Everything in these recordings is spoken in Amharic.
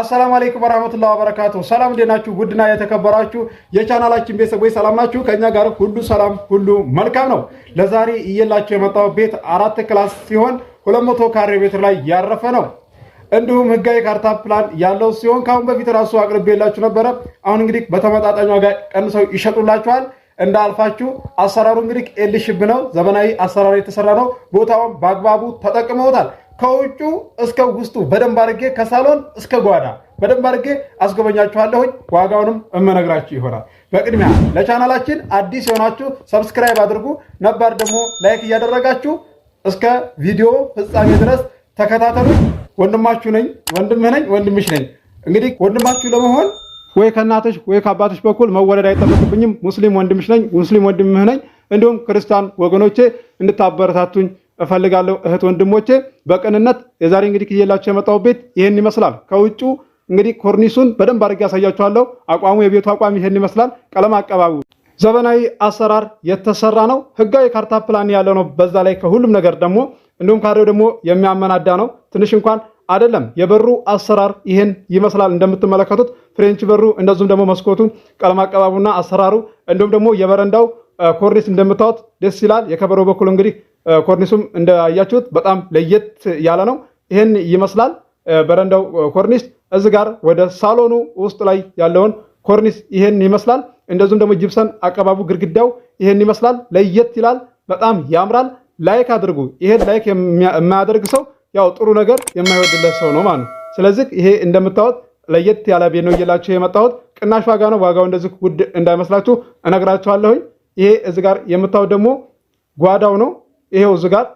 አሰላሙ አለይኩም ወራህመቱላሂ ወበረካቱ። ሰላም እንዴት ናችሁ? ውድና የተከበራችሁ የቻናላችን ቤተሰቦች ሰላም ናችሁ? ከኛ ጋር ሁሉ ሰላም፣ ሁሉ መልካም ነው። ለዛሬ እየላችሁ የመጣው ቤት አራት ክላስ ሲሆን 200 ካሬ ሜትር ላይ ያረፈ ነው። እንዲሁም ህጋዊ ካርታ ፕላን ያለው ሲሆን ከአሁን በፊት ራሱ አቅርቤላችሁ ነበረ። አሁን እንግዲህ በተመጣጣኝ ዋጋ ቀንሰው ይሸጡላችኋል። እንዳልፋችሁ አሰራሩ እንግዲህ ኤልሽብ ነው። ዘመናዊ አሰራር የተሰራ ነው። ቦታውን በአግባቡ ተጠቅመውታል። ከውጩ እስከ ውስጡ በደንብ አድርጌ ከሳሎን እስከ ጓዳ በደንብ አድርጌ አስጎበኛችኋለሁኝ። ዋጋውንም እመነግራችሁ ይሆናል። በቅድሚያ ለቻናላችን አዲስ የሆናችሁ ሰብስክራይብ አድርጉ፣ ነባር ደግሞ ላይክ እያደረጋችሁ እስከ ቪዲዮ ፍጻሜ ድረስ ተከታተሉ። ወንድማችሁ ነኝ፣ ወንድምህ ነኝ፣ ወንድምሽ ነኝ። እንግዲህ ወንድማችሁ ለመሆን ወይ ከእናትሽ ወይ ከአባትሽ በኩል መወለድ አይጠበቅብኝም። ሙስሊም ወንድምሽ ነኝ፣ ሙስሊም ወንድምህ ነኝ። እንዲሁም ክርስቲያን ወገኖቼ እንድታበረታቱኝ እፈልጋለሁ እህት ወንድሞቼ፣ በቅንነት የዛሬ እንግዲህ ይዤላችሁ የመጣው ቤት ይህን ይመስላል። ከውጩ እንግዲህ ኮርኒሱን በደንብ አድርጌ ያሳያችኋለሁ። አቋሙ የቤቱ አቋም ይህን ይመስላል። ቀለም አቀባቡ ዘመናዊ አሰራር የተሰራ ነው። ህጋዊ ካርታ ፕላን ያለው ነው። በዛ ላይ ከሁሉም ነገር ደግሞ እንዲሁም ካሬው ደግሞ የሚያመናዳ ነው። ትንሽ እንኳን አይደለም። የበሩ አሰራር ይህን ይመስላል እንደምትመለከቱት ፍሬንች በሩ እንደዚሁም ደግሞ መስኮቱ ቀለም አቀባቡና አሰራሩ እንዲሁም ደግሞ የበረንዳው ኮርኒስ እንደምታዩት ደስ ይላል። የከበሮ በኩል እንግዲህ ኮርኒሱም እንዳያችሁት በጣም ለየት ያለ ነው። ይህን ይመስላል በረንዳው ኮርኒስ። እዚህ ጋር ወደ ሳሎኑ ውስጥ ላይ ያለውን ኮርኒስ ይህን ይመስላል። እንደዚሁም ደግሞ ጅብሰን አቀባቡ ግድግዳው ይህን ይመስላል። ለየት ይላል፣ በጣም ያምራል። ላይክ አድርጉ። ይሄን ላይክ የማያደርግ ሰው ያው ጥሩ ነገር የማይወድለት ሰው ነው ማለት ነው። ስለዚህ ይሄ እንደምታዩት ለየት ያለ ቤት ነው እየላችሁ የመጣሁት ቅናሽ ዋጋ ነው። ዋጋው እንደዚህ ውድ እንዳይመስላችሁ እነግራችኋለሁኝ። ይሄ እዚ ጋር የምታዩት ደግሞ ጓዳው ነው። ይሄው እዚ ጋር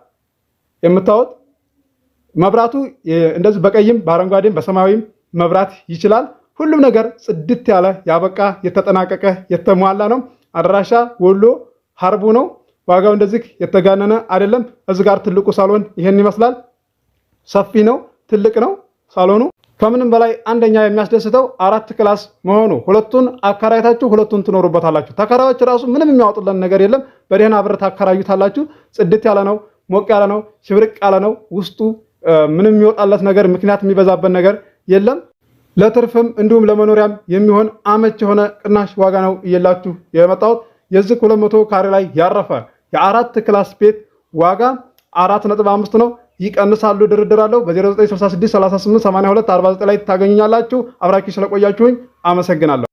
የምታዩት መብራቱ እንደዚህ በቀይም በአረንጓዴም በሰማያዊም መብራት ይችላል። ሁሉም ነገር ጽድት ያለ ያበቃ የተጠናቀቀ የተሟላ ነው። አድራሻ ወሎ ሀርቡ ነው። ዋጋው እንደዚህ የተጋነነ አይደለም። እዚ ጋር ትልቁ ሳሎን ይሄን ይመስላል። ሰፊ ነው፣ ትልቅ ነው ሳሎኑ። ከምንም በላይ አንደኛ የሚያስደስተው አራት ክላስ መሆኑ፣ ሁለቱን አከራይታችሁ ሁለቱን ትኖሩበታላችሁ። ተከራዮች ራሱ ምንም የሚያወጡለን ነገር የለም። በደህና ብር ታከራዩታላችሁ። ጽድት ያለ ነው፣ ሞቅ ያለ ነው፣ ሽብርቅ ያለ ነው። ውስጡ ምንም የሚወጣለት ነገር ምክንያት የሚበዛበት ነገር የለም። ለትርፍም እንዲሁም ለመኖሪያም የሚሆን አመች የሆነ ቅናሽ ዋጋ ነው እየላችሁ የመጣሁት። የዚህ መቶ ካሬ ላይ ያረፈ የአራት ክላስ ቤት ዋጋ አራት ነጥብ አምስት ነው። ይቀንሳሉ። ድርድር አለው። በ0966 38 82 49 ላይ ታገኙኛላችሁ። አብራችሁ ስለቆያችሁኝ አመሰግናለሁ።